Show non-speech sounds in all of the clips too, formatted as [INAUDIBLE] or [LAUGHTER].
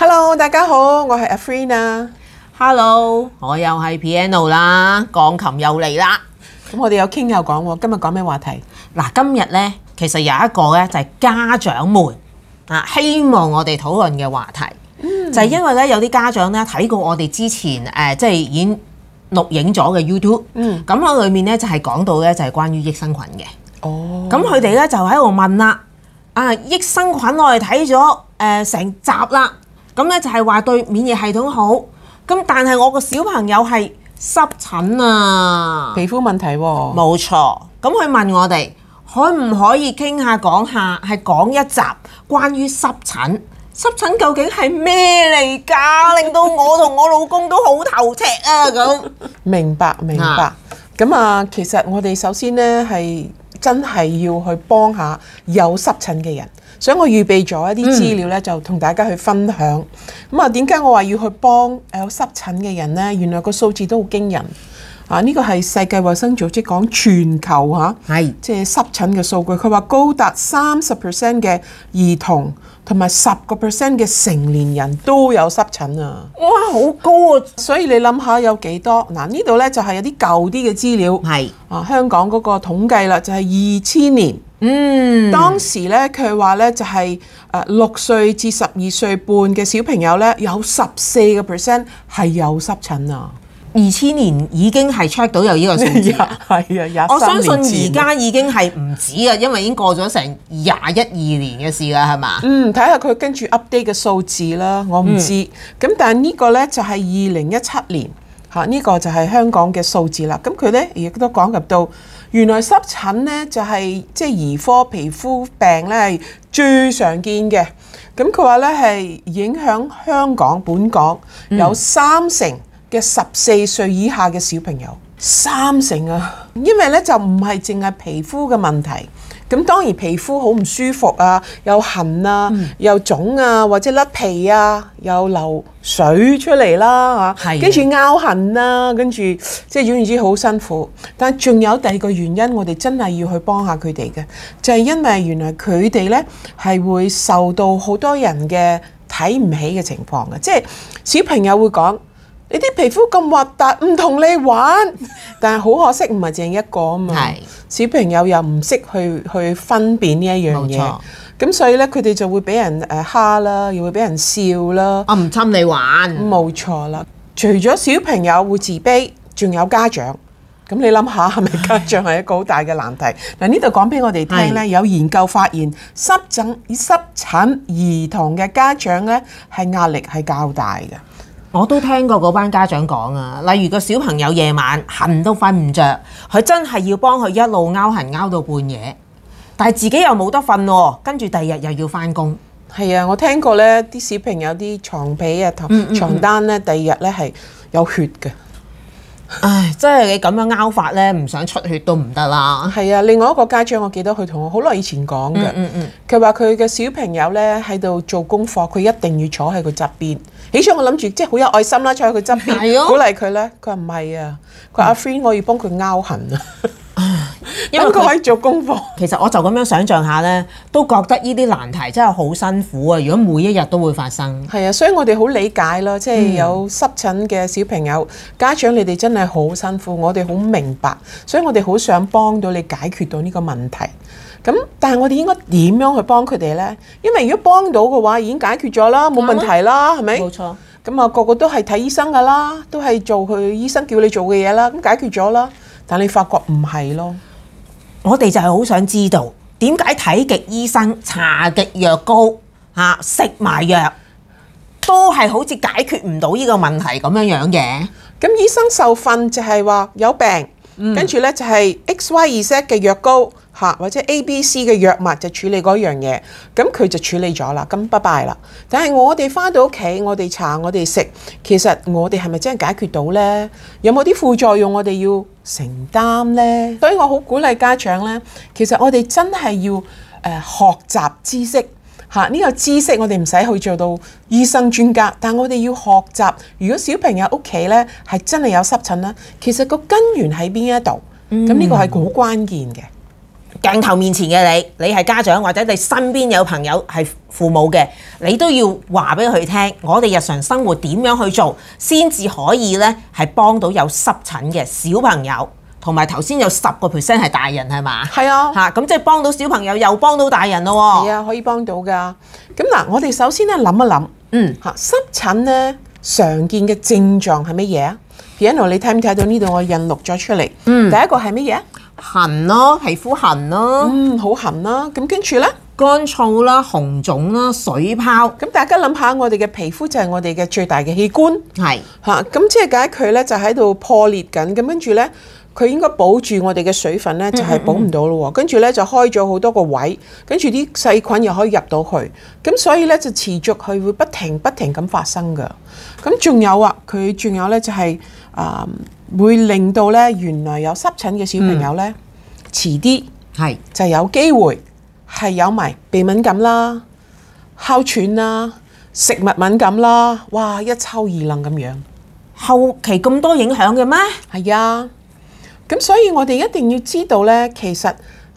Hello，大家好，我係 Afreen 啊。Hello，我又係 Piano 啦，鋼琴又嚟啦。咁我哋有傾又講，今日講咩話題？嗱，今日咧其實有一個咧就係家長們啊，希望我哋討論嘅話題，mm. 就係因為咧有啲家長咧睇過我哋之前誒即係已經錄影咗嘅 YouTube，咁喺、mm. 裏面咧就係講到咧就係關於益生菌嘅。哦、oh.，咁佢哋咧就喺度問啦，啊益生菌我哋睇咗誒成集啦。咁咧就係話對免疫系統好，咁但係我個小朋友係濕疹啊，皮膚問題喎，啊，冇錯。咁佢問我哋，可唔可以傾下講下，係講一集關於濕疹，濕疹究竟係咩嚟㗎？ [LAUGHS] 令到我同我老公都好頭赤啊！咁，明白明白。咁啊，其實我哋首先呢，係真係要去幫下有濕疹嘅人。所以，我預備咗一啲資料咧，就同大家去分享。咁啊、嗯，點解我話要去幫有濕疹嘅人呢？原來個數字都好驚人啊！呢個係世界衛生組織講全球嚇、啊，係即係濕疹嘅數據。佢話高達三十 percent 嘅兒童，同埋十個 percent 嘅成年人都有濕疹啊！哇，好高啊！所以你諗下有幾多？嗱、啊，呢度呢，就係有啲舊啲嘅資料，係是啊，香港嗰個統計啦，就係二千年。嗯，當時咧佢話咧就係誒六歲至十二歲半嘅小朋友咧，有十四個 percent 係有濕疹啊！二千年已經係 check 到有呢個數字，啊， [LAUGHS] 我相信而家已經係唔止啊，因為已經過咗成廿一二年嘅事啦，係嘛？嗯，睇下佢跟住 update 嘅數字啦，我唔知。咁、嗯、但係呢個咧就係二零一七年嚇，呢個就係、這個、香港嘅數字啦。咁佢咧亦都講入到。原來濕疹咧就係即係兒科皮膚病咧係最常見嘅，咁佢話咧係影響香港本港有三成嘅十四歲以下嘅小朋友，嗯、三成啊，因為咧就唔係淨係皮膚嘅問題。咁當然皮膚好唔舒服啊，又痕啊，又腫啊，或者甩皮啊，又流水出嚟啦嚇，跟住拗痕啦，跟住是的、啊、即係總言之好辛苦。但仲有第二個原因，我哋真係要去幫下佢哋嘅，就係、是、因為原來佢哋呢係會受到好多人嘅睇唔起嘅情況嘅，即係小朋友會講。你啲皮膚咁核突，唔同你玩。但係好可惜，唔係淨一個啊嘛。小朋友又唔識去去分辨呢一樣嘢，咁所以咧，佢哋就會俾人誒蝦啦，又會俾人笑啦。啊，唔侵你玩。冇錯啦。除咗小朋友會自卑，仲有家長。咁你諗下，係咪家長係一個好大嘅難題？嗱，呢度講俾我哋聽咧，有研究發現，濕疹、濕疹兒童嘅家長咧，係壓力係較大嘅。我都聽過嗰班家長講啊，例如個小朋友夜晚痕都瞓唔着，佢真係要幫佢一路勾痕勾到半夜，但係自己又冇得瞓喎，跟住第二日又要翻工。係啊，我聽過呢啲小朋友啲床被啊、同床單呢，第二日呢係有血嘅。唉，真係你咁樣拗法咧，唔想出血都唔得啦。係啊，另外一個家長我記得佢同我好耐以前講嘅，佢話佢嘅小朋友咧喺度做功課，佢一定要坐喺佢側邊。起初我諗住即係好有愛心啦，坐喺佢側邊鼓勵佢咧，佢話唔係啊，佢話、啊嗯、阿 Free 我要幫佢拗痕啊。嗯 [LAUGHS] 因為應該可以做功課，其實我就咁樣想象下呢，都覺得呢啲難題真係好辛苦啊！如果每一日都會發生，係啊，所以我哋好理解咯，即係有濕疹嘅小朋友，嗯、家長你哋真係好辛苦，我哋好明白，所以我哋好想幫到你解決到呢個問題。咁但係我哋應該點樣去幫佢哋呢？因為如果幫到嘅話，已經解決咗啦，冇問題啦，係咪？冇錯。咁啊，個個都係睇醫生噶啦，都係做佢醫生叫你做嘅嘢啦，咁解決咗啦。但你發覺唔係咯？我哋就係好想知道點解睇極醫生，查極藥膏，吓食埋藥，都係好似解決唔到呢個問題咁樣樣嘅。咁醫生受訓就係話有病，跟住呢就係 X y、Y、二 set 嘅藥膏吓，或者 A、B、C 嘅藥物就處理嗰樣嘢，咁佢就處理咗啦。咁拜拜 e 啦。但係我哋翻到屋企，我哋查，我哋食，其實我哋係咪真係解決到呢？有冇啲副作用？我哋要？承擔呢，所以我好鼓勵家長呢。其實我哋真係要、呃、學習知識呢、啊呢個知識我哋唔使去做到醫生專家，但我哋要學習。如果小朋友屋企呢係真係有濕疹啦，其實個根源喺邊一度，咁呢、嗯、個係好關鍵嘅。鏡頭面前嘅你，你係家長或者你身邊有朋友係父母嘅，你都要話俾佢聽，我哋日常生活點樣去做，先至可以咧係幫到有濕疹嘅小朋友，同埋頭先有十個 percent 係大人係嘛？係啊，嚇咁即係幫到小朋友又幫到大人咯喎。係啊，可以幫到噶。咁嗱，我哋首先咧諗一諗，嗯嚇濕疹咧常見嘅症狀係乜嘢啊？Piano，你睇唔睇到呢度我印錄咗出嚟？嗯，第一個係乜嘢？.痕咯，啊，皮膚痕咯，嗯，好痕啦。咁跟住咧，乾燥啦，啊，紅腫啦，啊，水泡。咁大家諗下，我哋嘅皮膚就係我哋嘅最大嘅器官，係吓是。咁即係解佢咧，就喺度破裂緊。咁跟住咧。佢應該保住我哋嘅水分呢，就係、是、保唔到咯。跟住呢，就開咗好多個位，跟住啲細菌又可以入到去，咁所以呢，就持續佢會不停不停咁發生㗎。咁仲有啊，佢仲有呢、就是，就係啊，會令到呢，原來有濕疹嘅小朋友呢，遲啲係就有機會係有埋鼻敏感啦、哮喘啦、食物敏感啦，哇一抽二愣咁樣，後期咁多影響嘅咩？係啊。咁所以，我哋一定要知道咧，其實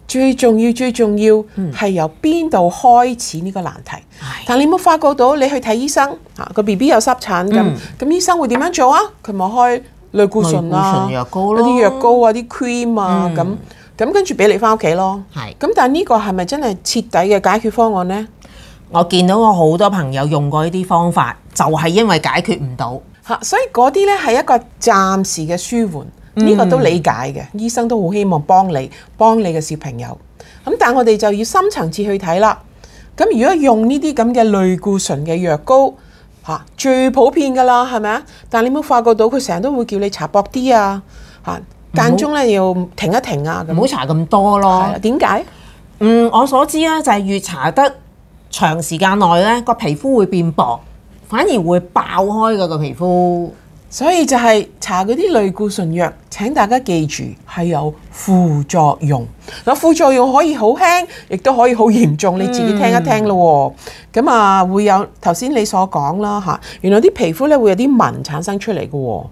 最重要、最重要係由邊度開始呢個難題。嗯、但你冇發覺到，你去睇醫生，嚇個 B B 有濕疹咁，咁、嗯、醫生會點樣做啊？佢咪開類固醇啊、類固醇藥膏咯、啲藥膏啊、啲 cream、嗯、啊，咁咁跟住俾你翻屋企咯。係是。咁但呢個係咪真係徹底嘅解決方案咧？我見到我好多朋友用過呢啲方法，就係、是、因為解決唔到嚇，所以嗰啲咧係一個暫時嘅舒緩。呢、嗯、個都理解嘅，醫生都好希望幫你、幫你嘅小朋友。咁但係我哋就要深層次去睇啦。咁如果用呢啲咁嘅類固醇嘅藥膏，嚇、啊、最普遍噶啦，係咪啊？但係你冇發覺到佢成日都會叫你搽薄啲啊？嚇，間中咧要停一停啊，唔好搽咁多咯。點解？嗯，我所知咧就係越搽得長時間內咧，個皮膚會變薄，反而會爆開嗰個皮膚。所以就係搽嗰啲類固醇藥，請大家記住係有副作用。嗱，副作用可以好輕，亦都可以好嚴重，你自己聽一聽咯喎。咁啊、嗯，會有頭先你所講啦嚇，原來啲皮膚咧會有啲紋產生出嚟嘅喎，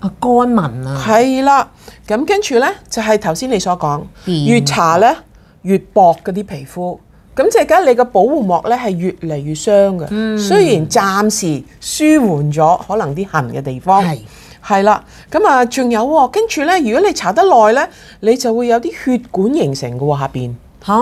乾紋啊，係啦。咁跟住咧就係頭先你所講，越搽咧越薄嗰啲皮膚。咁即係而家你個保護膜咧係越嚟越傷嘅，雖然暫時舒緩咗可能啲痕嘅地方，係啦、嗯。咁啊，仲有跟住咧，如果你搽得耐咧，你就會有啲血管形成嘅下邊吓？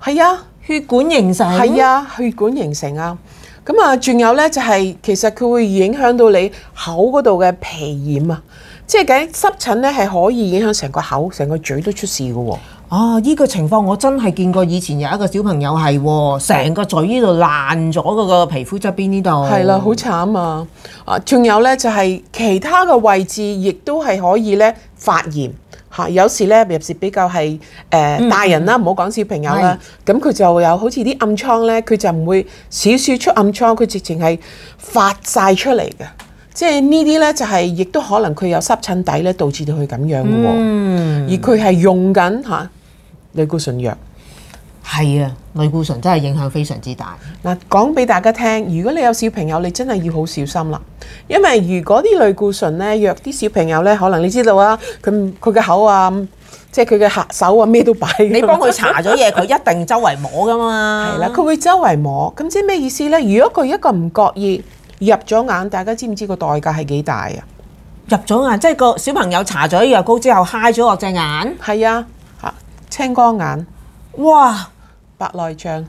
係啊，啊血管形成係啊，血管形成啊。咁啊，仲有咧就係、是、其實佢會影響到你口嗰度嘅皮炎啊，即係梗濕疹咧係可以影響成個口、成個嘴都出事嘅喎。啊！呢個情況我真係見過，以前有一個小朋友係，成個嘴呢度爛咗，嗰個皮膚側邊呢度。係啦、啊，好慘啊！啊，仲有呢，就係、是、其他嘅位置，亦都係可以呢發炎嚇。有時呢，尤其比較係誒、呃嗯、大人啦，唔好講小朋友啦。咁佢是就有好似啲暗瘡呢，佢就唔會少少出暗瘡，佢直情係發晒出嚟嘅。即係呢啲呢，就係、是、亦都可能佢有濕疹底呢導致到佢咁樣嘅喎。嗯。而佢係用緊嚇。啊類固醇藥係啊，類固醇真係影響非常之大。嗱，講俾大家聽，如果你有小朋友，你真係要好小心啦。因為如果啲類固醇咧，藥啲小朋友咧，可能你知道啊，佢佢嘅口啊，即係佢嘅手啊，咩都擺。你幫佢搽咗嘢，佢 [LAUGHS] 一定周圍摸噶嘛。係啦，佢會周圍摸，咁即係咩意思咧？如果佢一個唔覺意入咗眼，大家知唔知個代價係幾大啊？入咗眼，即係個小朋友搽咗藥膏之後，嗨咗落隻眼。係啊。青光眼，哇，白內障，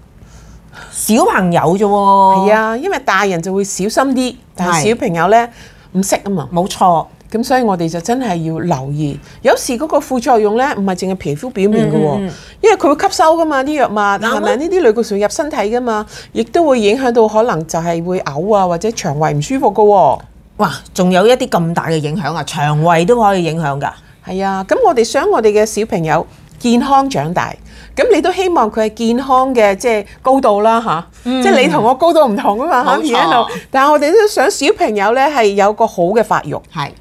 小朋友啫喎，係啊，因為大人就會小心啲，是但係小朋友咧唔識啊嘛，冇錯錯，咁所以我哋就真係要留意，有時嗰個副作用咧唔係淨係皮膚表面嘅，嗯嗯因為佢會吸收噶嘛啲藥物，係咪嗎？呢啲類固醇入身體噶嘛，亦都會影響到可能就係會嘔啊，或者腸胃唔舒服噶，啊，哇，仲有一啲咁大嘅影響啊，腸胃都可以影響噶，係啊，咁我哋想我哋嘅小朋友。健康長大，咁你都希望佢係健康嘅，即係高度啦吓，嗯、即係你同我高度唔同啊嘛、嗯、但係我哋都想小朋友呢係有一個好嘅發育。係是，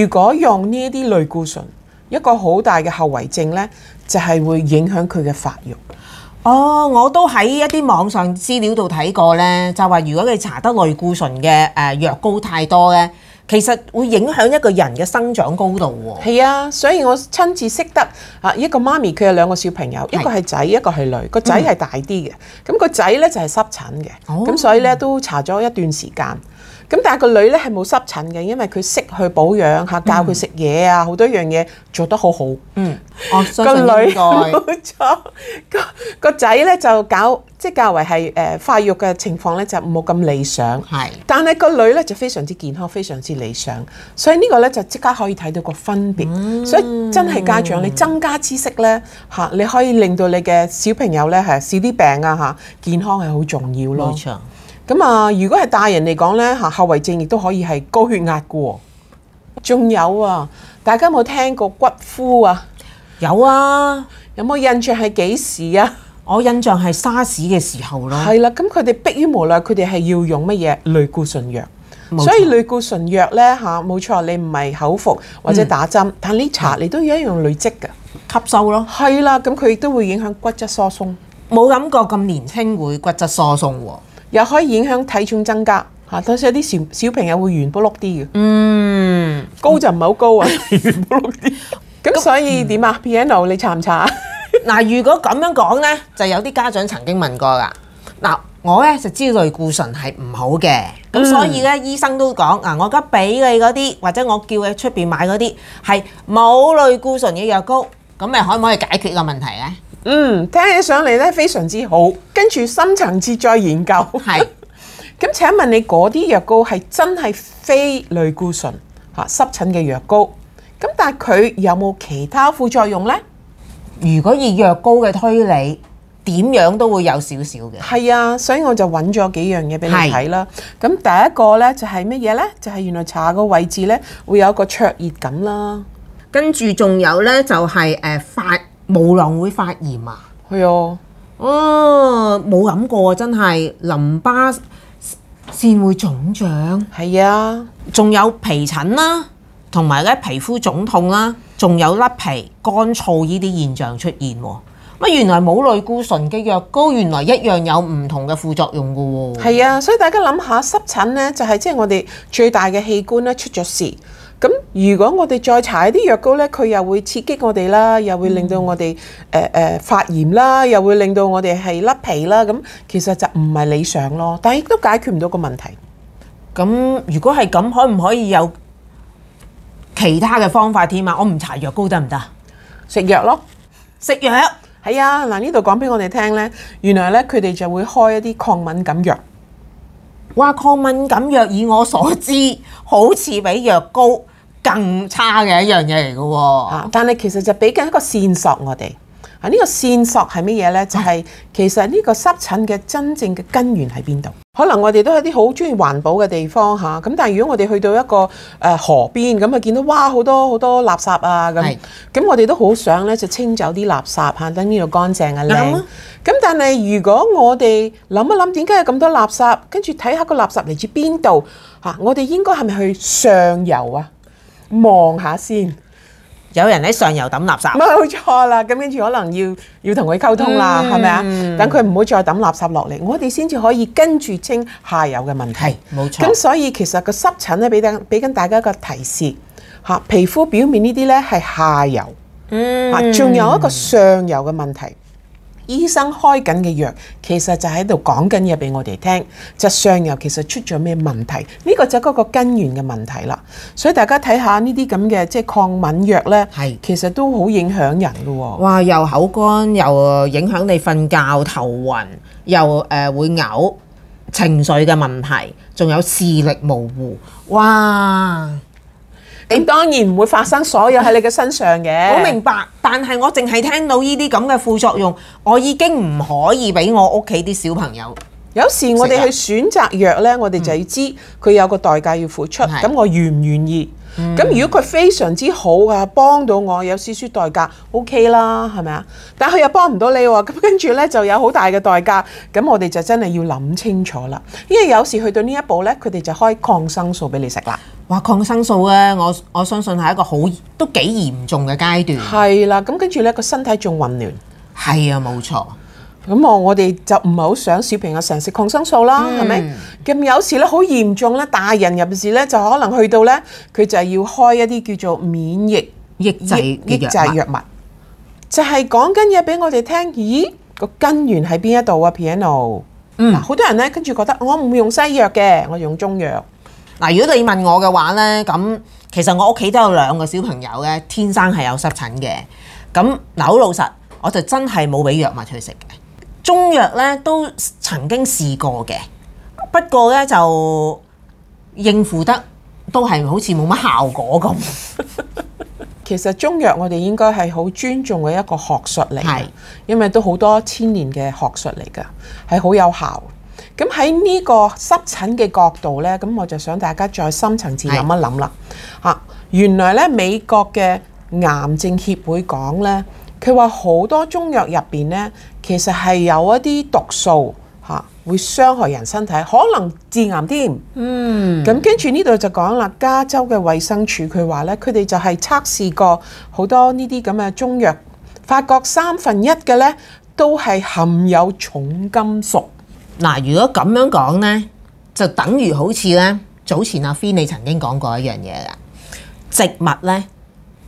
如果用呢啲類固醇，一個好大嘅後遺症呢，就係、是、會影響佢嘅發育。哦，我都喺一啲網上資料度睇過呢，就話如果你搽得類固醇嘅誒藥膏太多呢。其實會影響一個人嘅生長高度喎。係啊，所以我親自識得啊一個媽咪，佢有兩個小朋友，一個係仔，是一個係女。個仔係大啲嘅，咁個仔呢就係濕疹嘅，咁、哦、所以呢，都查咗一段時間。咁但係個女咧係冇濕疹嘅，因為佢識去保養吓，教佢食嘢啊，好、嗯、多樣嘢做得好好。嗯，個女冇錯，個個仔咧就搞即係較為係誒發育嘅情況咧就冇咁理想。係是，但係個女咧就非常之健康，非常之理想。所以呢個咧就即刻可以睇到個分別。嗯、所以真係家長，你增加知識咧吓，你可以令到你嘅小朋友咧係少啲病啊吓，健康係好重要咯。咁啊，如果係大人嚟講呢，吓後遺症亦都可以係高血壓嘅。仲有啊，大家有冇聽過骨枯啊？有啊，有冇印象係幾時啊？我印象係沙士嘅時候咯。係啦，咁佢哋迫於無奈，佢哋係要用乜嘢類固醇藥？冇錯。所以類固醇藥呢，吓，冇錯，你唔係口服或者打針，嗯、但呢茶你都一樣用累積嘅吸收咯。係啦，咁佢亦都會影響骨質疏鬆。冇諗過咁年輕會骨質疏鬆。又可以影響體重增加，嚇，多少有啲小小朋友會圓卜碌啲嘅。嗯，高就唔係好高啊，圓卜碌啲。咁所以點啊？Piano 你查唔查啊？嗱，如果咁樣講咧，就有啲家長曾經問過噶。嗱，我咧就知類固醇係唔好嘅，咁所以咧醫生都講，嗱，我而家俾你嗰啲，或者我叫你出邊買嗰啲，係冇類固醇嘅藥膏，咁咪可唔可以解決個問題咧？嗯，聽起上嚟咧非常之好，跟住深層次再研究。係是，咁 [LAUGHS] 請問你嗰啲藥膏係真係非類固醇吓濕、啊、疹嘅藥膏，咁但係佢有冇其他副作用呢？如果以藥膏嘅推理，點樣都會有少少嘅。係啊，所以我就揾咗幾樣嘢俾你睇啦。咁是第一個呢，就係乜嘢呢？就係、是、原來搽個位置呢會有一個灼熱感啦，跟住仲有呢，就係、是、誒、呃、發。毛囊會發炎啊！係、嗯、啊，啊冇諗過真係淋巴腺會腫脹。係啊，仲有皮疹啦，同埋咧皮膚腫痛啦，仲有甩皮、乾燥呢啲現象出現喎。乜原來冇類固醇嘅藥膏，原來一樣有唔同嘅副作用㗎喎。係啊，所以大家諗下濕疹呢，就係即係我哋最大嘅器官咧出咗事。咁如果我哋再搽啲藥膏呢，佢又會刺激我哋啦，又會令到我哋誒誒發炎啦，又會令到我哋係甩皮啦。咁其實就唔係理想咯，但係都解決唔到個問題。咁如果係咁，可唔可以有其他嘅方法添啊？我唔搽藥膏得唔得？食藥咯，食藥？係啊。嗱，呢度講俾我哋聽呢，原來呢，佢哋就會開一啲抗敏感藥。哇，抗敏感藥以我所知，好似比藥膏更差嘅一樣嘢嚟嘅喎，但係其實就俾緊一個線索我哋。啊！呢、這個線索係乜嘢呢？就係、是、其實呢個濕疹嘅真正嘅根源喺邊度？可能我哋都係啲好中意環保嘅地方嚇。咁、啊、但係如果我哋去到一個誒、呃、河邊咁啊，見到哇好多好多垃圾啊咁。咁是我哋都好想呢，就清走啲垃圾嚇，等呢度乾淨啊咁、啊啊、但係如果我哋諗一諗，點解有咁多垃圾？跟住睇下個垃圾嚟自邊度嚇？我哋應該係咪去上游啊？望下先。有人喺上游抌垃圾，冇錯啦。咁跟住可能要要同佢溝通啦，係咪啊？等佢唔好再抌垃圾落嚟，我哋先至可以跟住清下游嘅問題。冇錯。咁所以其實個濕疹咧，俾緊俾緊大家一個提示吓，皮膚表面呢啲咧係下游，嗯，仲有一個上游嘅問題。醫生開緊嘅藥其實就喺度講緊嘢俾我哋聽，脊傷又其實出咗咩問題？呢個就係嗰個根源嘅問題啦。所以大家睇下呢啲咁嘅即係抗敏藥呢，是其實都好影響人嘅喎。哇！又口乾，又影響你瞓覺、頭暈，又誒、呃、會嘔、呃呃呃呃呃呃、情緒嘅問題，仲有視力模糊。哇！你當然唔會發生所有喺你嘅身上嘅。好 [LAUGHS] 明白。但係我淨係聽到呢啲咁嘅副作用，我已經唔可以俾我屋企啲小朋友。有時我哋去選擇藥呢，我哋就要知佢有個代價要付出。咁我願唔願意？咁、嗯、如果佢非常之好啊，幫到我有少少代價，OK 啦，係咪啊？但佢又幫唔到你喎，咁跟住呢就有好大嘅代價，咁、OK、我哋就真係要諗清楚啦。因為有時去到呢一步呢，佢哋就開抗生素俾你食啦。哇，抗生素呢、啊，我我相信係一個好都幾嚴重嘅階段。係啦，咁跟住呢，個身體仲混亂。係啊，冇錯。咁我哋就唔係好想小朋友成日食抗生素啦，係咪？咁有時咧好嚴重咧，大人入邊咧就可能去到咧，佢就係要開一啲叫做免疫抑制藥抑制藥物，就係講緊嘢俾我哋聽。咦，個根源喺邊一度啊？Piano，嗯，好多人咧跟住覺得我唔會用西藥嘅，我用中藥嗱。如果你問我嘅話咧，咁其實我屋企都有兩個小朋友嘅，天生係有濕疹嘅。咁嗱，好老實，我就真係冇俾藥物佢食嘅。中藥咧都曾經試過嘅，不過咧就應付得都係好似冇乜效果咁。 [LAUGHS] 其實中藥我哋應該係好尊重嘅一個學術嚟，是因為都好多千年嘅學術嚟噶，係好有效。咁喺呢個濕疹嘅角度咧，咁我就想大家再深層次諗一諗啦。嚇是，原來咧美國嘅癌症協會講咧，佢話好多中藥入邊咧。其實係有一啲毒素嚇，會傷害人身體，可能致癌添。嗯，咁跟住呢度就講啦，加州嘅衛生署佢話呢，佢哋就係測試過好多呢啲咁嘅中藥，發覺三分一嘅呢都係含有重金屬。嗱，如果咁樣講呢，就等於好似呢——早前阿菲你曾經講過一樣嘢嘅，植物呢，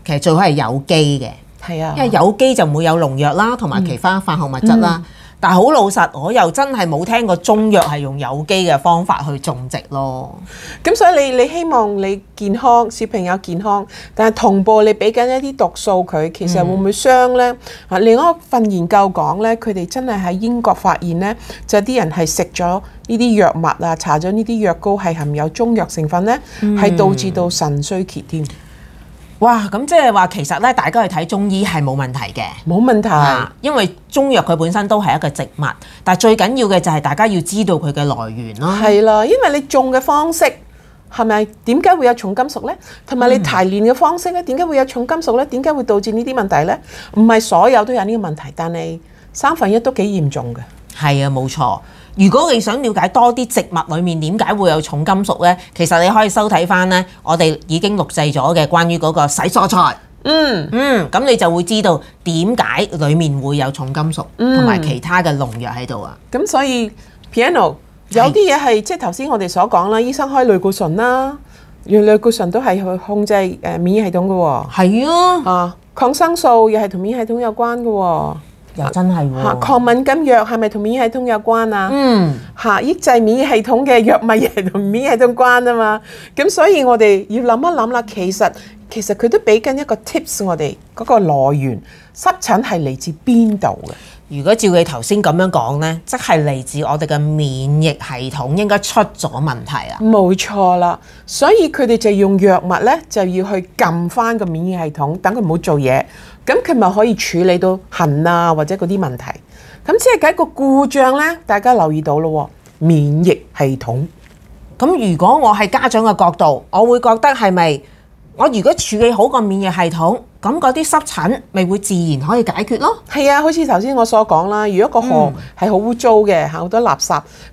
其實最好係有機嘅。係啊，因為有機就唔會有農藥啦，同埋其他化學物質啦。嗯嗯、但係好老實，我又真係冇聽過中藥係用有機嘅方法去種植咯。咁所以你你希望你健康，小朋友健康，但係同步你俾緊一啲毒素佢，其實會唔會傷呢？啊、嗯，另一份研究講呢，佢哋真係喺英國發現呢，就啲人係食咗呢啲藥物啊，搽咗呢啲藥膏係含有中藥成分呢，係、嗯、導致到腎衰竭添。哇，咁即係話其實咧，大家去睇中醫係冇問題嘅，冇問題，因為中藥佢本身都係一個植物，但係最緊要嘅就係大家要知道佢嘅來源咯。係啦，因為你種嘅方式係咪？點解會有重金屬呢？同埋你提煉嘅方式咧？點解、嗯、會有重金屬呢？點解會導致呢啲問題呢？唔係所有都有呢個問題，但係三分一都幾嚴重嘅。係啊，冇錯。如果你想了解多啲植物裏面點解會有重金屬呢？其實你可以收睇翻呢，我哋已經錄製咗嘅關於嗰個洗蔬菜。嗯嗯，咁、嗯、你就會知道點解裡面會有重金屬同埋、嗯、其他嘅農藥喺度啊。咁、嗯、所以 Piano 有啲嘢係即係頭先我哋所講啦，醫生開類固醇啦，用類固醇都係去控制誒免疫系統㗎喎。係啊，啊，抗生素又係同免疫系統有關㗎喎。又真係、啊嗯、抗敏感藥係咪同免疫系統有關啊？嗯，嗯，嚇抑制免疫系統嘅藥物係同免疫系統關啊嘛。咁所以我哋要諗一諗啦，其實其實佢都俾緊一個 tips 我哋，嗰個來源濕疹係嚟自邊度嘅？如果照你頭先咁樣講呢，即係嚟自我哋嘅免疫系統應該出咗問題啦。冇錯啦，所以佢哋就用藥物呢，就要去撳翻個免疫系統，等佢唔好做嘢。咁佢咪可以處理到痕啊，或者嗰啲問題。咁即係一個故障呢，大家留意到咯。免疫系統，咁如果我係家長嘅角度，我會覺得係咪？我如果處理好個免疫系統，咁嗰啲濕疹咪會自然可以解決咯。係啊，好似頭先我所講啦，如果個河係好污糟嘅，嚇好、嗯、多垃圾，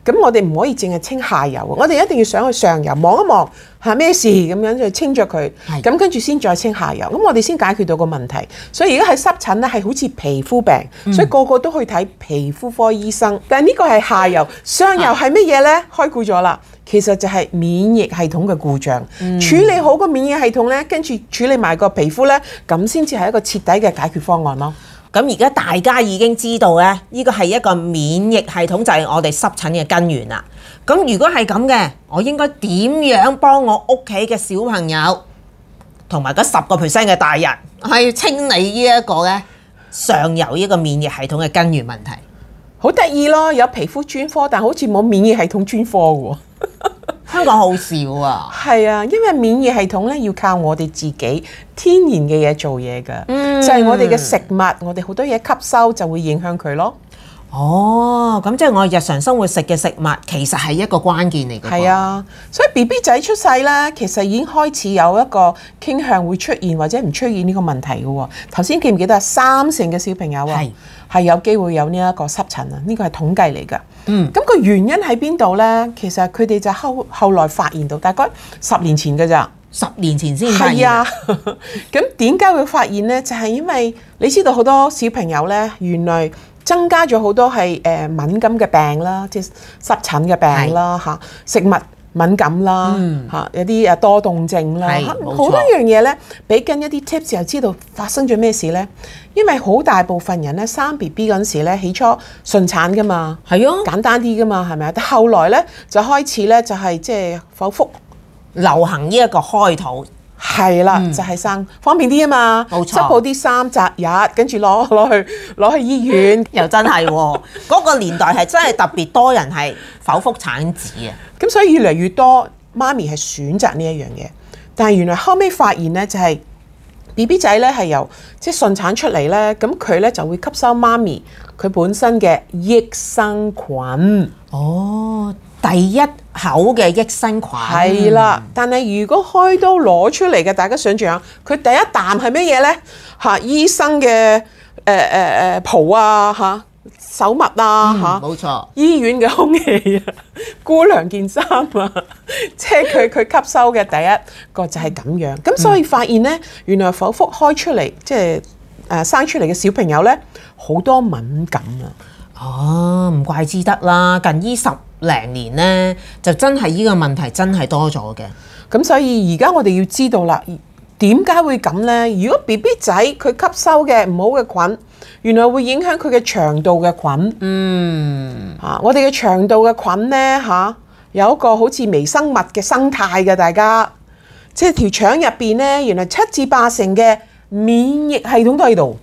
咁我哋唔可以淨係清下游，我哋一定要上去上游望一望係咩事，咁樣就清咗佢，咁跟住先再清下游，咁我哋先解決到個問題。所以而家係濕疹咧係好似皮膚病，嗯、所以個個都去睇皮膚科醫生。但係呢個係下游，上游係咩嘢咧？的開估咗啦。其實就係免疫系統嘅故障、嗯，處理好個免疫系統呢，跟住處理埋個皮膚呢，咁先至係一個徹底嘅解決方案咯。咁而家大家已經知道呢，呢個係一個免疫系統就係、是、我哋濕疹嘅根源啦。咁如果係咁嘅，我應該點樣幫我屋企嘅小朋友同埋嗰十個 percent 嘅大人係清理呢一個呢上游呢個免疫系統嘅根源問題？好得意咯！有皮膚專科，但好似冇免疫系統專科嘅。 [LAUGHS] 香港好少啊，係啊，因為免疫系統咧要靠我哋自己天然嘅嘢做嘢噶，嗯、就係我哋嘅食物，我哋好多嘢吸收就會影響佢咯。哦，咁即係我日常生活食嘅食物，其實係一個關鍵嚟嘅。係啊，所以 BB 仔出世咧，其實已經開始有一個傾向會出現或者唔出現呢個問題嘅。頭先記唔記得啊？三成嘅小朋友啊，係有機會有呢一個濕疹啊，呢個係統計嚟㗎。嗯，咁個原因喺邊度咧？其實佢哋就後後來發現到，大概十年前嘅咋。十年前先發現。係啊，咁點解會發現咧？就係因為你知道好多小朋友咧，原來。增加咗好多係誒敏感嘅病啦，即濕疹嘅病啦嚇，是食物敏感啦嚇，有啲誒多動症啦，好多樣嘢咧，俾緊一啲 tips 就知道發生咗咩事咧。因為好大部分人咧生 B B 嗰陣時咧起初順產噶嘛，係咯，哦，簡單啲噶嘛，係咪啊？但後來咧就開始咧就係即係剖腹流行呢一個開頭。係啦，就係、是、生、嗯、方便啲啊嘛，執好啲衫、擇日，跟住攞攞去攞去醫院，又真係嗰、啊、 [LAUGHS] 個年代係真係特別多人係剖腹產子啊！咁 [LAUGHS] 所以越嚟越多媽咪係選擇呢一樣嘢，但係原來後尾發現呢、就是，就係 B B 仔呢係由即係順產出嚟呢，咁佢呢就會吸收媽咪佢本身嘅益生菌哦。第一口嘅益生菌係啦，但係如果開刀攞出嚟嘅，大家想象，佢第一啖係咩嘢呢？吓，醫生嘅誒誒誒袍啊，吓手襪啊，吓、嗯，冇錯，醫院嘅空氣啊，姑娘件衫啊，即係佢佢吸收嘅第一個就係咁樣。咁所以發現呢，嗯、原來剖腹開出嚟，即係生出嚟嘅小朋友呢，好多敏感啊！哦，唔怪之得啦，近二十。零年咧就真係依個問題真係多咗嘅，咁所以而家我哋要知道啦，點解會咁呢？如果 BB 仔佢吸收嘅唔好嘅菌，原來會影響佢嘅腸道嘅菌。嗯，啊，我哋嘅腸道嘅菌呢，啊，有一個好似微生物嘅生態嘅，大家即係條腸入面呢，原來七至八成嘅免疫系統都喺度。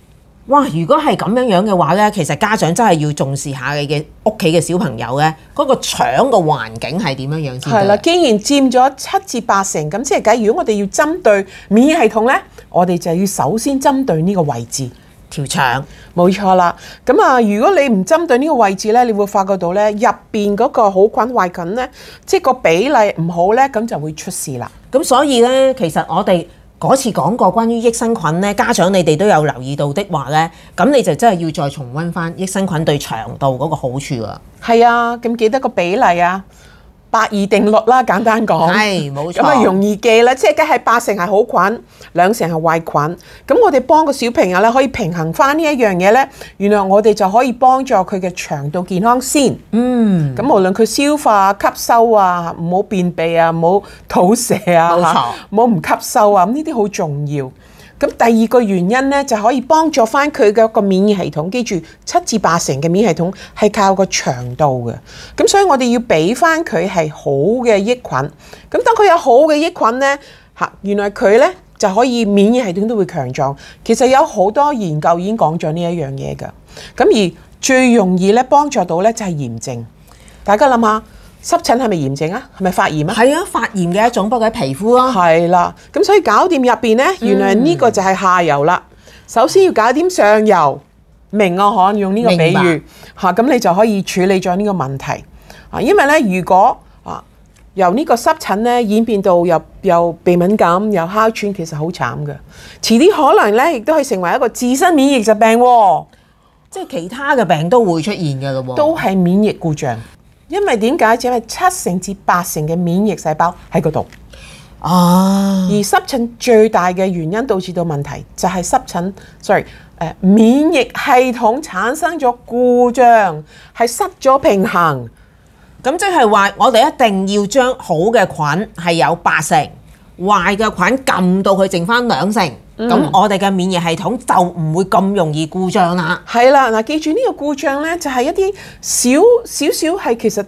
哇！如果係咁樣樣嘅話呢，其實家長真係要重視下你嘅屋企嘅小朋友呢，嗰個腸嘅環境係點樣樣先？係啦，既然佔咗七至八成咁，即係假如果我哋要針對免疫系統呢，我哋就要首先針對呢個位置條腸，冇錯啦。咁啊，如果你唔針對呢個位置呢，你會發覺到呢，入邊嗰個好菌壞菌呢，即係個比例唔好呢，咁就會出事啦。咁所以呢，其實我哋嗰次講過關於益生菌咧，家長你哋都有留意到的話咧，咁你就真係要再重溫翻益生菌對腸道嗰個好處啊！係啊，咁記得個比例啊？八二定律啦，簡單講，係冇錯，咁啊容易記啦，即係梗係八成係好菌，兩成係壞菌。咁我哋幫個小朋友咧，可以平衡翻呢一樣嘢咧。原來我哋就可以幫助佢嘅腸道健康先。嗯，咁無論佢消化、吸收錯啊，唔好便秘啊，唔好肚瀉啊，冇唔吸收啊，咁呢啲好重要。咁第二個原因咧，就可以幫助翻佢嘅個個免疫系統。記住，七至八成嘅免疫系統係靠個腸度腸道嘅。咁所以，我哋要俾翻佢係好嘅益菌。咁等佢有好嘅益菌咧，原來佢咧就可以免疫系統都會強壯。其實有好多研究已經講咗呢一樣嘢㗎。咁而最容易咧幫助到咧就係炎症。大家諗下。濕疹係咪炎症啊？係咪發炎啊？係啊，發炎嘅一種，包括喺皮膚咯。係啦，咁所以搞掂入邊呢，原來呢個就係下游啦。嗯、首先要搞掂上游明啊，可用呢個比喻吓，咁白、啊、你就可以處理咗呢個問題啊。因為呢，如果啊由呢個濕疹呢演變到又又鼻敏感又哮喘，其實好慘㗎。遲啲可能呢，亦都可以成為一個自身免疫疾病，即係其他嘅病都會出現㗎喇喎，都係免疫故障。因為點解？只係七成至八成嘅免疫細胞喺嗰度，啊！而濕疹最大嘅原因導致到問題，就係濕疹，sorry，呃，免疫系統產生咗故障，係失咗平衡。咁即係話，我哋一定要將好嘅菌係有八成，壞嘅菌撳到佢剩翻兩成。咁我哋嘅免疫系統就唔會咁容易故障啦。係啦，嗱，記住呢個故障咧，就係一啲少少少，係其實。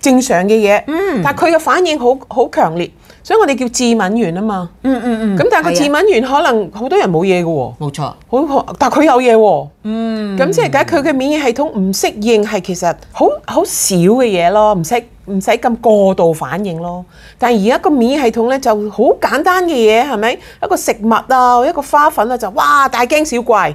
正常嘅嘢，嗯、但係佢嘅反應好好強烈，所以我哋叫致敏原啊嘛。嗯嗯嗯。咁、嗯嗯、但係個致敏原可能好多人冇嘢嘅喎。冇錯。好，但係佢有嘢喎。嗯。咁即係解佢嘅免疫系統唔適應，係其實好好少嘅嘢咯，唔使唔使咁過度反應咯。但係而家個免疫系統咧就好簡單嘅嘢，係咪一個食物啊，一個花粉啊，就哇大驚小怪。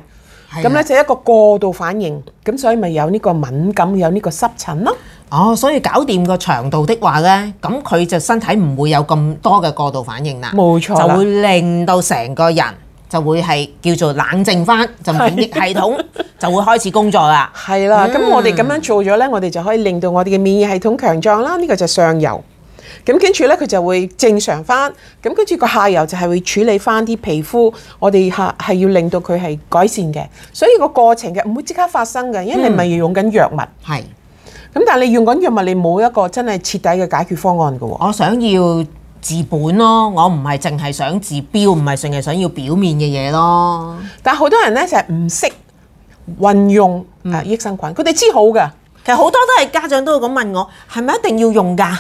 咁咧就一個過度反應，咁所以咪有呢個敏感，有呢個濕疹咯。哦，所以搞掂個腸道的話咧，咁佢就身體唔會有咁多嘅過度反應啦。冇錯，就會令到成個人就會係叫做冷靜返，就免疫系統就會開始工作啦。係啦，咁我哋咁樣做咗咧，我哋就可以令到我哋嘅免疫系統強壯啦。呢個就上游。咁跟住咧，佢就會正常翻。咁跟住個下游就係會處理翻啲皮膚，我哋下係要令到佢係改善嘅。所以個過程嘅唔會即刻發生嘅，因為你咪要用緊藥物。係、嗯。咁但係你用緊藥物，你冇一個真係徹底嘅解決方案㗎喎。我想要治本咯，我唔係淨係想治標，唔係淨係想要表面嘅嘢咯。但係好多人咧就係唔識運用誒益生菌，佢哋知好㗎。其實好多都係家長都會咁問我，係咪一定要用㗎？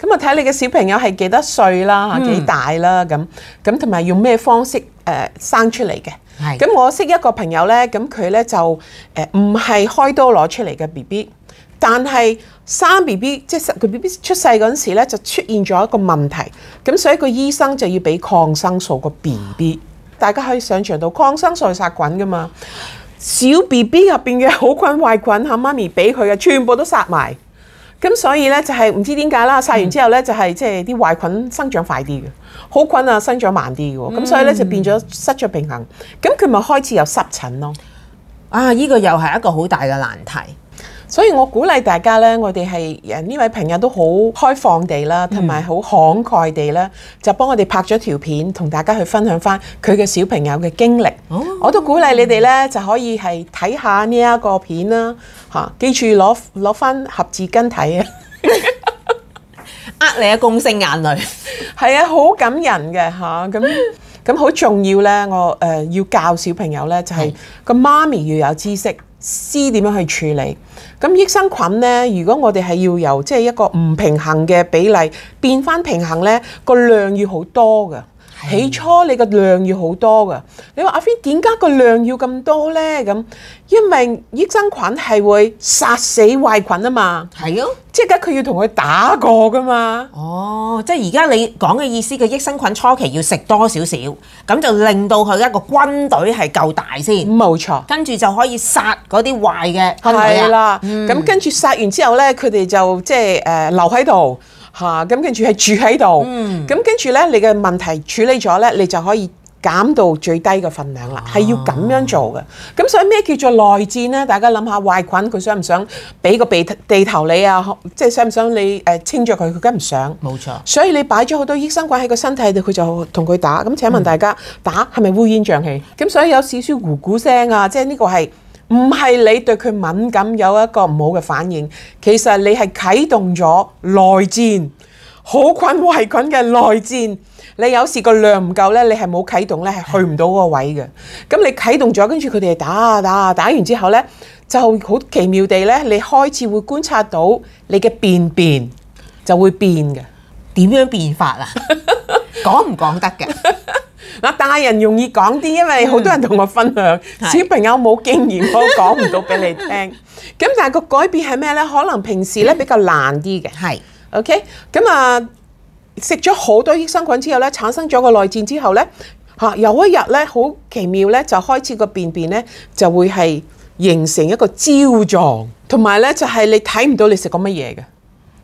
咁啊，睇你嘅小朋友係幾多歲啦，幾大啦，咁咁同埋用咩方式誒生出嚟嘅？咁是的 我識一個朋友咧，咁佢咧就誒唔係開刀攞出嚟嘅 B B，但係生 B B 即係佢 B B 出世嗰陣時咧就出現咗一個問題，咁所以個醫生就要俾抗生素個 B B，大家可以想像到，抗生素係殺菌噶嘛，小 B B 入邊嘅好菌壞菌嚇媽咪俾佢嘅全部都殺埋。咁所以咧就係唔知點解啦，晒完之後咧就係即係啲壞菌生長快啲嘅，好菌啊生長慢啲嘅，咁所以咧就變咗失咗平衡，咁佢咪開始有濕疹咯。啊，呢個又係一個好大嘅難題。所以我鼓勵大家呢，我哋係呢位朋友都好開放地啦，同埋好慷慨地啦，就幫我哋拍咗條片，同大家去分享翻佢嘅小朋友嘅經歷。哦，我都鼓勵你哋呢，就可以係睇下呢一個片啦，吓記住攞攞翻盒紙巾睇啊， [LAUGHS] 呃你一公升眼淚，係啊好感人嘅吓，咁咁好重要呢，我誒要教小朋友呢、就是，就係個媽咪要有知識。思點樣去處理？咁益生菌呢，如果我哋係要由即係一個唔平衡嘅比例變翻平衡呢，個量要好多㗎。的起初你個量要好多噶，你話 Afreen 點解個量要咁多呢？咁因為益生菌係會殺死壞菌啊嘛，係咯的，即係佢要同佢打過噶嘛。哦，即係而家你講嘅意思，佢益生菌初期要食多少少，咁就令到佢一個軍隊係夠大先。冇錯，跟住就可以殺嗰啲壞嘅。係啦的，咁、嗯、跟住殺完之後呢，佢哋就即係誒留喺度。吓！咁跟住係住喺度，咁跟住咧，你嘅問題處理咗咧，你就可以減到最低嘅分量啦。係、啊、要咁樣做嘅。咁所以咩叫做內戰咧？大家諗下，壞菌佢想唔想俾個地頭你啊？即係想唔想你清咗佢？佢梗唔想。冇錯錯。所以你擺咗好多益生菌喺個身體度，佢就同佢打。咁請問大家、嗯、打係咪烏煙瘴氣？咁所以有少少糊糊聲啊！即係呢個係。唔係你對佢敏感有一個唔好嘅反應，其實你係啟動咗內戰，好菌壞菌嘅內戰。你有時個量唔夠呢，你係冇啟動呢，係去唔到嗰個位嘅。咁的你啟動咗，跟住佢哋打打打完之後呢，就好奇妙地呢，你開始會觀察到你嘅便便就會變嘅，點樣變法啊？ [LAUGHS] 講唔講得嘅？ [LAUGHS] 嗱，大人容易講啲，因為好多人同我分享小朋友冇經驗，我講唔到俾你聽。咁但係個改變係咩呢？可能平時呢比較難啲嘅。係，OK。咁啊，食咗好多益生菌之後呢，產生咗個內戰之後呢，嚇有一日呢，好奇妙呢，就開始個便便呢就會係形成一個焦狀，同埋呢就係你睇唔到你食過乜嘢嘅，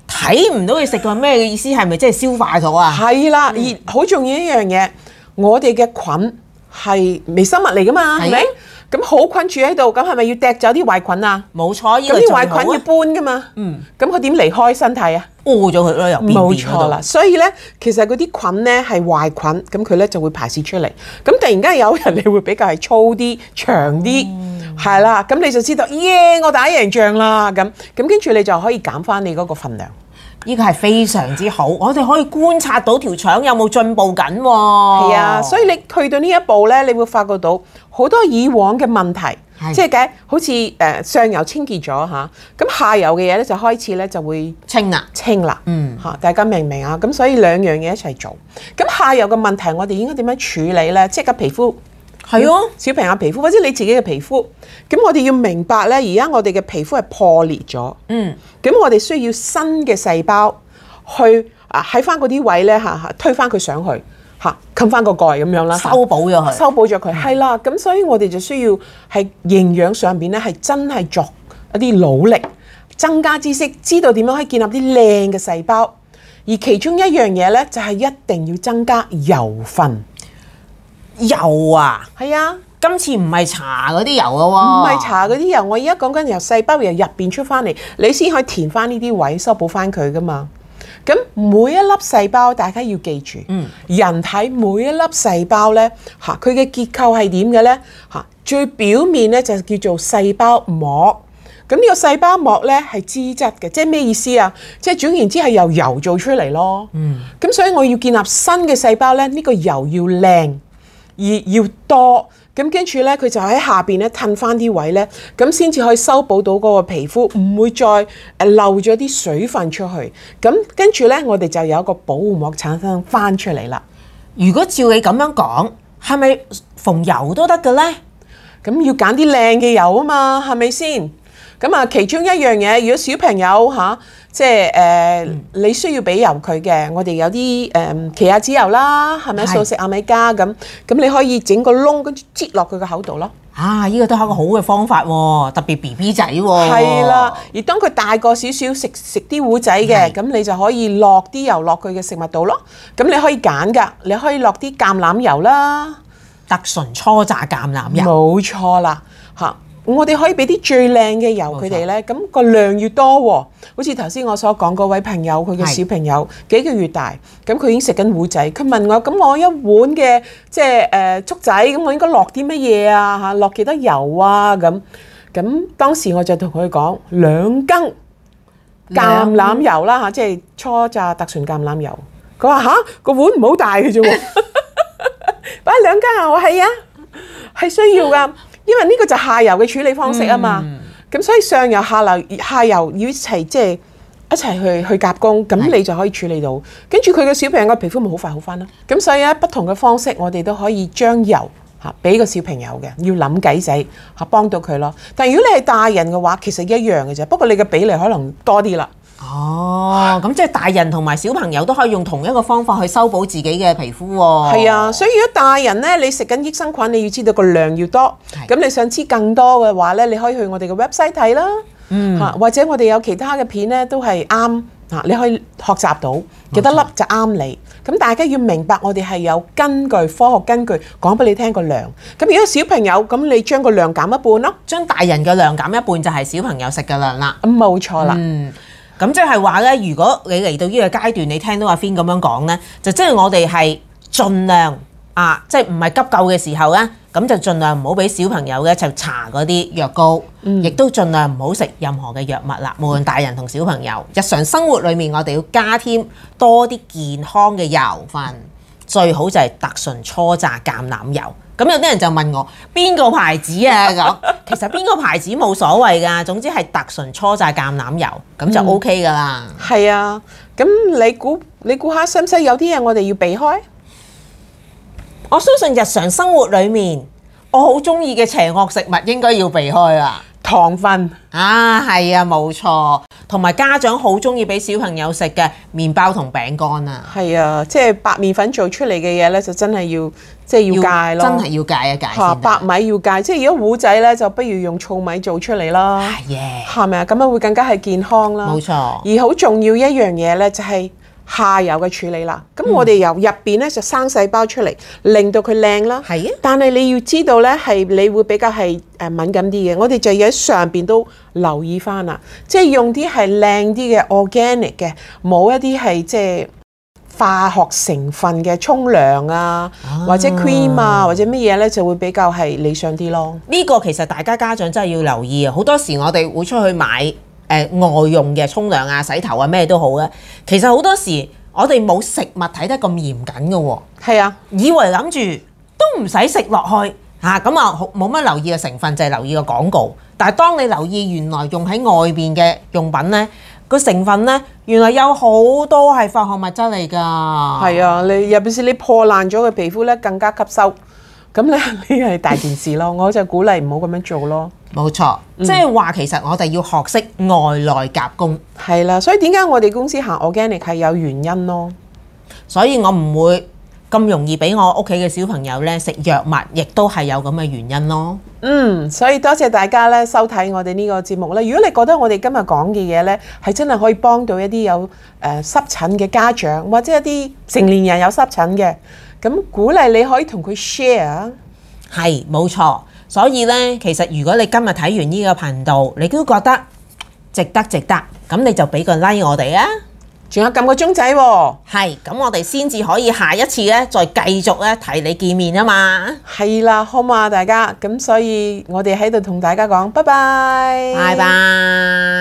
睇唔到你食過咩嘅意思係咪即係消化咗啊？係啦，而好重要一樣嘢。我哋嘅菌係微生物嚟噶嘛，係咪的？咁好菌住喺度，咁係咪要掟走啲壞菌啊？冇錯，要嗰啲壞菌要搬噶嘛。嗯，咁佢點離開身體啊？屙咗佢咯，冇錯啦。所以咧，其實嗰啲菌咧係壞菌，咁佢咧就會排泄出嚟。咁突然間有人你會比較係粗啲、長啲，係啦、嗯。咁你就知道，耶！我打贏仗啦，咁咁跟住你就可以減翻你嗰個份量。呢個係非常之好，我哋可以觀察到條腸有冇進步緊喎。係啊，所以你去到呢一步呢，你會發覺到好多以往嘅問題，是即係好似誒上游清潔咗吓，咁下游嘅嘢呢，就開始呢就會清啦，清啦、啊，嗯吓，大家明唔明啊？咁所以兩樣嘢一齊做，咁下游嘅問題我哋應該點樣處理呢？即係個皮膚。係哦，是啊、小朋友皮膚或者你自己嘅皮膚，咁我哋要明白呢，而家我哋嘅皮膚係破裂咗。嗯，咁我哋需要新嘅細胞去啊喺翻嗰啲位呢，推翻佢上去嚇，冚翻個蓋咁樣啦，修補咗佢，修補咗佢，係啦。咁、啊、所以我哋就需要喺營養上面呢，係真係作一啲努力，增加知識，知道點樣可以建立啲靚嘅細胞。而其中一樣嘢呢，就係、是、一定要增加油分。油啊，係啊，今次唔係搽嗰啲油啊。喎，唔係搽嗰啲油，我而家講緊由細胞由入邊出翻嚟，你先可以填翻呢啲位，修補翻佢噶嘛。咁每一粒細胞，大家要記住，人體每一粒細胞咧，吓佢嘅結構係點嘅咧，吓最表面咧就叫做細胞膜。咁呢個細胞膜咧係脂質嘅，即係咩意思啊？即係總言之係由油做出嚟咯。嗯，咁所以我要建立新嘅細胞咧，呢個油要靚。而要多咁跟住呢，佢就喺下面咧褪翻啲位呢，咁先至可以修補到嗰個皮膚，唔會再漏咗啲水分出去。咁跟住呢，我哋就有一個保護膜產生翻出嚟啦。如果照你咁樣講，係咪逢油都得嘅呢？咁要揀啲靚嘅油啊嘛，係咪先？咁啊，其中一樣嘢，如果小朋友吓，即係誒，你需要俾油佢嘅，我哋有啲誒奇亞籽油啦，係咪素食阿米加咁？咁你可以整個窿，跟住擠落佢個口度咯。啊，呢個都係一個好嘅方法喎，特別 BB 仔喎。係啦，而當佢大個少少，食食啲糊仔嘅，咁你就可以落啲油落佢嘅食物度咯。咁你可以揀噶，你可以落啲橄欖油啦，特純初榨橄欖油。冇錯啦，嚇。我哋可以俾啲最靚嘅油佢哋咧，咁個量越多喎。好似頭先我所講嗰位朋友，佢嘅小朋友幾個月大，咁佢已經食緊糊仔。佢問我：咁我一碗嘅即係誒粥仔，咁我應該落啲乜嘢啊？嚇，落幾多油啊？咁咁當時我就同佢講兩羹橄欖油啦，嚇，即係初榨特純橄欖油。佢話嚇個碗唔好大嘅啫喎，擺兩羹啊！我係啊，係需要㗎。因為呢個就是下游嘅處理方式啊嘛，咁、嗯、所以上游下流下游要一齊即係一齊去去夾工，咁你就可以處理到。跟住佢嘅小朋友嘅皮膚咪好快好返咯。咁所以啊，不同嘅方式，我哋都可以將油吓，俾個小朋友嘅，要諗計仔吓幫到佢咯。但係如果你係大人嘅話，其實一樣嘅啫，不過你嘅比例可能多啲啦。哦，咁即係大人同埋小朋友都可以用同一個方法去修補自己嘅皮膚喎。係啊，所以如果大人呢，你食緊益生菌，你要知道個量要多。咁是的 你想知更多嘅話呢，你可以去我哋嘅 website 睇啦。嗯，或者我哋有其他嘅片呢都係啱。嚇，你可以學習到幾多粒就啱你。咁沒錯 大家要明白，我哋係有根據科學根據講俾你聽個量。咁如果小朋友，咁你將個量減一半咯，將大人嘅量減一半就係小朋友食嘅量啦。咁冇錯啦。嗯。咁即係話咧，如果你嚟到呢個階段，你聽到阿 f i 咁樣講咧，就即係我哋係盡量啊，即係唔係急救嘅時候咧，咁就儘量唔好俾小朋友嘅就搽嗰啲藥膏，亦、嗯、都儘量唔好食任何嘅藥物啦。無論大人同小朋友，嗯、日常生活裏面我哋要加添多啲健康嘅油分，最好就係特純初榨橄欖油。咁有啲人就問我邊個牌子啊？咁 [LAUGHS] 其實邊個牌子冇所謂噶，總之係特純初榨橄欖油，咁就 O K 噶啦。係、嗯、啊，咁你估你估下，使唔使有啲嘢我哋要避開？我相信日常生活裏面，我好鍾意嘅邪惡食物應該要避開啦。糖分啊，係啊，冇錯，同埋家長好中意俾小朋友食嘅麵包同餅乾啊，係啊，即係白麵粉做出嚟嘅嘢咧，就真係要即係、就係、要戒咯，要真係要戒啊戒啊！白米要戒，即係如果糊仔咧，就不如用糙米做出嚟啦，係啊，係咪啊？咁樣會更加係健康啦，冇錯。而好重要一樣嘢咧，就係、係。下游嘅處理啦，咁我哋由入邊咧就生細胞出嚟，嗯、令到佢靚啦。係嘅、啊。但係你要知道咧，係你會比較係誒敏感啲嘅。我哋就要喺上邊都留意翻啦，即係用啲係靚啲嘅 organic 嘅，冇一啲係即係化學成分嘅沖涼啊，啊或者 cream 啊，或者乜嘢咧，就會比較係理想啲咯。呢、啊、個其實大家家長真係要留意啊！好多時我哋會出去買。誒，外用嘅沖涼啊、洗頭啊，咩都好咧。其實好多時我哋冇食物睇得咁嚴謹嘅，係啊，以為諗住都唔使食落去吓，咁啊冇乜留意嘅成分就係、是、留意個廣告。但係當你留意原來用喺外邊嘅用品咧，個成分咧，原來有好多係化學物質嚟噶。係啊，你入邊先，你破爛咗嘅皮膚咧，更加吸收。咁咧，呢個係大件事咯，我就鼓勵唔好咁樣做咯。冇錯，嗯，即係話其實我哋要學識外內夾攻。係啦，所以點解我哋公司行 organic 係有原因咯。所以我唔會咁容易俾我屋企嘅小朋友咧食藥物，亦都係有咁嘅原因咯。嗯，所以多謝大家咧收睇我哋呢個節目咧。如果你覺得我哋今日講嘅嘢咧，係真係可以幫到一啲有誒濕疹嘅家長，或者一啲成年人有濕疹嘅。咁鼓勵你可以同佢 share，係冇錯。所以呢，其實如果你今日睇完呢個頻道，你都覺得值得值得，咁你就俾個 like 我哋啊，仲有撳個鐘仔喎、哦。係咁，咁我哋先至可以下一次呢，再繼續咧睇你見面啊嘛。係啦，好嘛，大家咁，所以我哋喺度同大家講，拜拜，拜拜。